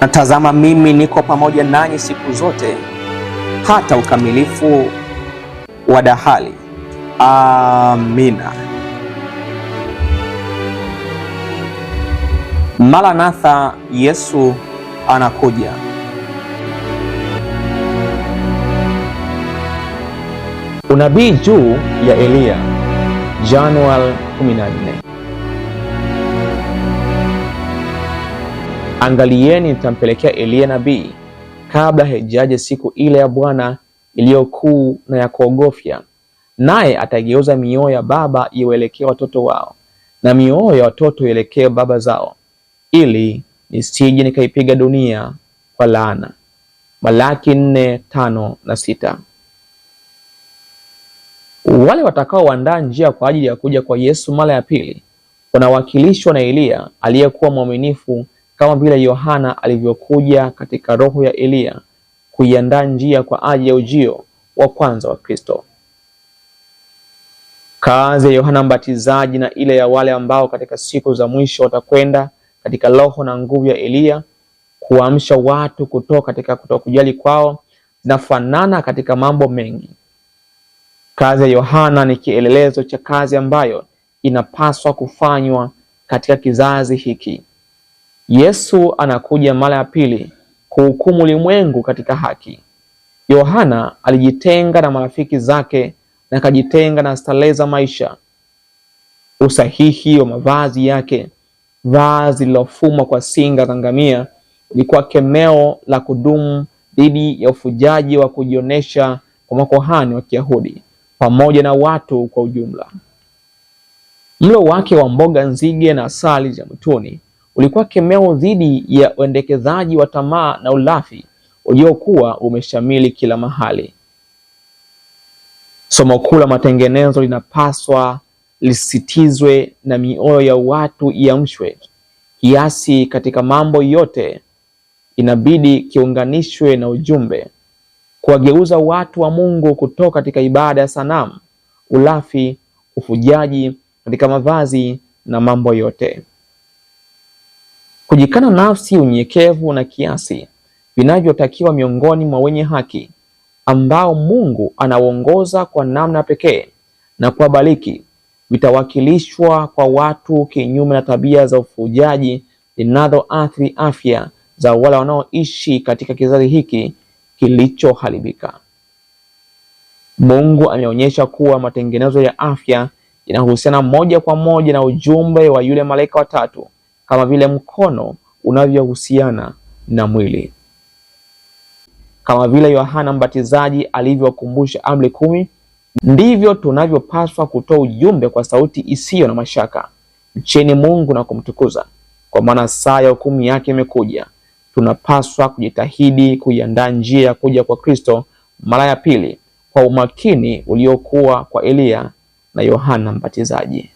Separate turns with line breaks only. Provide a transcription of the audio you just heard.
na tazama, mimi niko pamoja nanyi siku zote hata ukamilifu wa dahali. Amina. Maranatha, Yesu anakuja. Unabii juu ya Eliya, Januari 14. Angalieni, nitampelekea Eliya nabii kabla haijaje siku ile ya Bwana iliyo kuu na ya kuogofya, naye ataigeuza mioyo ya baba iwaelekee watoto wao na mioyo ya watoto ielekee baba zao, ili nisije nikaipiga dunia kwa laana. Malaki nne tano na sita. Wale watakaoandaa njia kwa ajili ya kuja kwa Yesu mara ya pili wanawakilishwa na Eliya aliyekuwa mwaminifu kama vile Yohana alivyokuja katika roho ya Eliya kuiandaa njia kwa ajili ya ujio wa kwanza wa Kristo. Kazi ya Yohana Mbatizaji na ile ya wale ambao katika siku za mwisho watakwenda katika roho na nguvu ya Eliya kuamsha watu kutoka katika kutokujali kwao zinafanana katika mambo mengi. Kazi ya Yohana ni kielelezo cha kazi ambayo inapaswa kufanywa katika kizazi hiki. Yesu anakuja mara ya pili kuhukumu ulimwengu katika haki. Yohana alijitenga na marafiki zake na akajitenga na starehe za maisha, usahihi wa mavazi yake. Vazi lilofumwa kwa singa za ngamia lilikuwa kemeo la kudumu dhidi ya ufujaji wa kujionyesha kwa makohani wa Kiyahudi pamoja na watu kwa ujumla. Mlo wake wa mboga nzige na asali za mwituni ulikuwa kemeo dhidi ya uendekezaji wa tamaa na ulafi uliokuwa umeshamili kila mahali. Somo kuu la matengenezo linapaswa lisitizwe na mioyo ya watu iamshwe kiasi katika mambo yote. Inabidi kiunganishwe na ujumbe kuwageuza watu wa Mungu kutoka katika ibada ya sanamu, ulafi, ufujaji katika mavazi na mambo yote. Kujikana nafsi, unyenyekevu na kiasi vinavyotakiwa miongoni mwa wenye haki ambao Mungu anaongoza kwa namna pekee na kuwabariki, vitawakilishwa kwa watu kinyume na tabia za ufujaji zinazoathiri afya za wale wanaoishi katika kizazi hiki kilichoharibika. Mungu ameonyesha kuwa matengenezo ya afya yanahusiana moja kwa moja na ujumbe wa yule malaika watatu tatu kama vile mkono unavyohusiana na mwili, kama vile Yohana Mbatizaji alivyokumbusha amri kumi, ndivyo tunavyopaswa kutoa ujumbe kwa sauti isiyo na mashaka, mcheni Mungu na kumtukuza, kwa maana saa ya hukumu yake imekuja. Tunapaswa kujitahidi kuiandaa njia ya kuja kwa Kristo mara ya pili kwa umakini uliokuwa kwa Eliya na Yohana Mbatizaji.